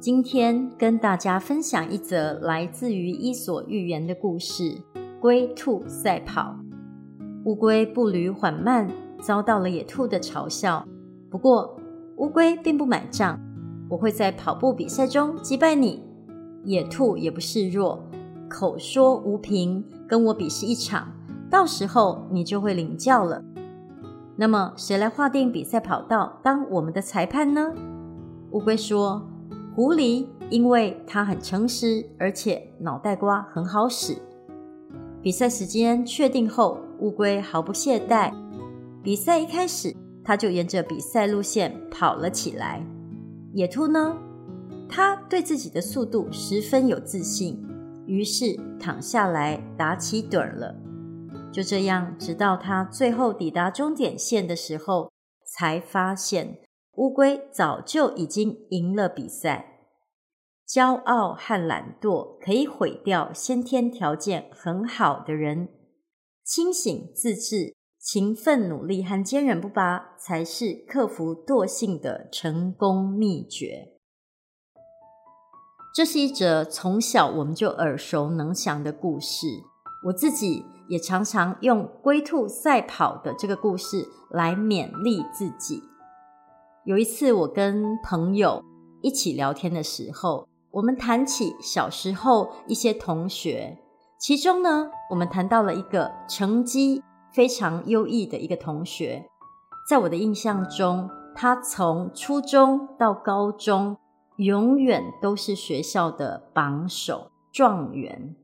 今天跟大家分享一則來自於《伊索寓言》的故事——龜兔賽跑。烏龜步履緩慢，遭到了野兔的嘲笑。不過，烏龜並不買賬：“我會在跑步比賽中擊敗你。”野兔也不示弱：“口說無憑，跟我比試一場，到時候你就會領教了。”那麼，誰來劃定比賽跑道，當我們的裁判呢？烏龜說。狐狸，因為它很誠實，而且腦袋瓜很好使。比賽時間確定後，烏龜毫不懈怠。比賽一開始，它就沿着比賽路線跑了起來。野兔呢，它對自己的速度十分有自信，於是躺下來打起盹了。就這樣，直到它最後抵達終點線的時候，才發現烏龜早就已經贏了比賽。驕傲和懶惰可以毀掉先天條件很好的人，清醒自制、自制、勤奮努力和堅韌不拔才是克服惰，惰性的成功秘訣。這是一則從小我們就耳熟能詳的故事。我自己也常常用龜兔賽跑的這個故事來勉勵自己。有一次，我跟朋友一起聊天的時候，我們談起小時候一些同學，其中呢，我們談到了一個成績非常優異的一個同學，在我的印象中，他從初中到高中永遠都是學校的榜首、狀元。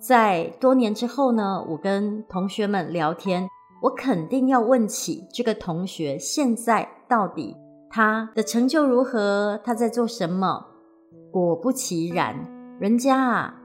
在多年之後呢，我跟同學們聊天，我肯定要問起這個同學現在到底他的成就如何，他在做什麼。果不其然，人家啊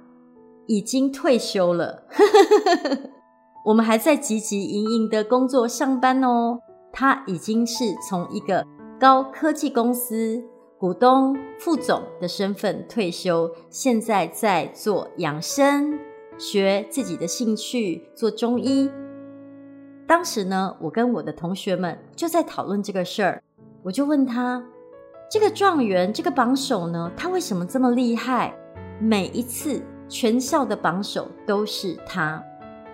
已經退休了， 我們還在汲汲營營的工作上班哦。他已經是從一個高科技公司股東、副總的身份退休，現在在做養生，學自己的興趣，做中醫。當時呢，我跟我的同學們就在討論這個事兒，我就問他。這個狀元，這個榜首呢，他為什麼這麼厲害？每一次全校的榜首都是他。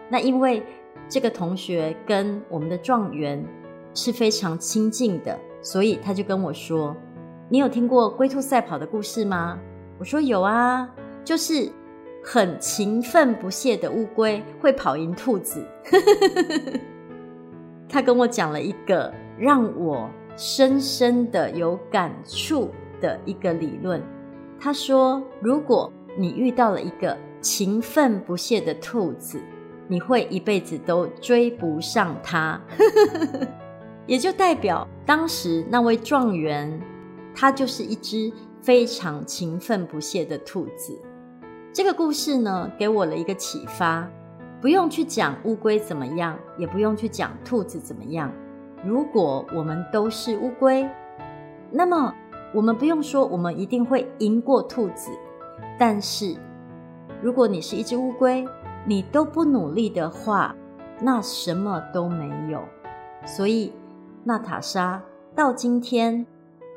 那因為這個同學跟我們的狀元是非常親近的，所以他就跟我說：“你有聽過龜兔賽跑的故事嗎？”我說：“有啊，就是很勤奮不懈的烏龜會跑贏兔子。 ”他跟我講了一個，讓我。深深的有感觸的一個理論，他說：“如果你遇到了一個勤奮不懈的兔子，你會一輩子都追不上它。 ”也就代表當時那位狀元，他就是一隻非常勤奮不懈的兔子。這個故事呢，給我了一個啟發：不用去講烏龜怎麼樣，也不用去講兔子怎麼樣。如果我們都是烏龜，那麼我們不用說，我們一定會贏過兔子。但是，如果你是一隻烏龜，你都不努力的話，那什麼都沒有。所以，娜塔莎到今天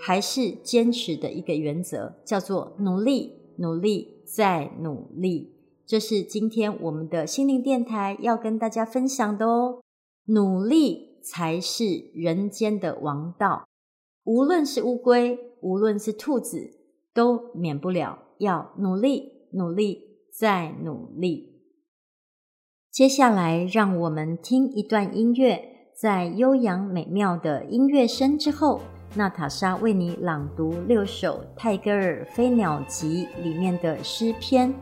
還是堅持的一個原則，叫做努力、努力再努力。這是今天我們的心靈電台要跟大家分享的哦，努力。才是人間的王道。無論是烏龜，無論是兔子，都免不了要努力、努力再努力。接下來，讓我們聽一段音樂，在悠揚美妙的音樂聲之後，娜塔莎為你朗讀六首泰戈爾《飛鳥集》裡面的詩篇。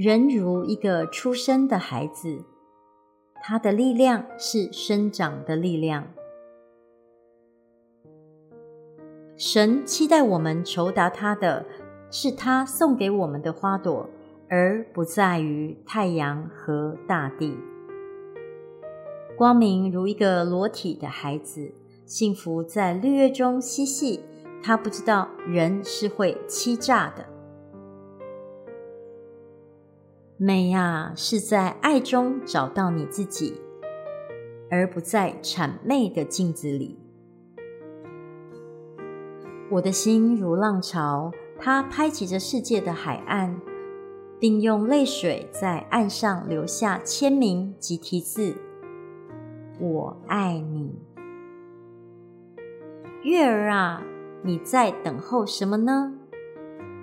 人如一個出生的孩子，他的力量是生長的力量。神期待我們酬答他的是他送給我們的花朵，而不在於太陽和大地。光明如一個裸體的孩子，幸福在綠葉中嬉戲，他不知道人是會欺詐的。美啊，是在愛中找到你自己，而不在諂媚的鏡子裡。我的心如浪潮，它拍擊着世界的海岸，並用淚水在岸上留下簽名及題字。我愛你。月兒啊，你在等候什麼呢？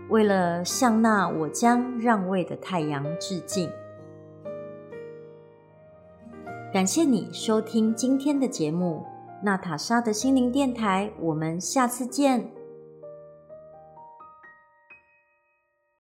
為了向那我將讓位的太陽致敬。感謝你收聽今天的節目《娜塔莎的心靈電台》，我們下次見。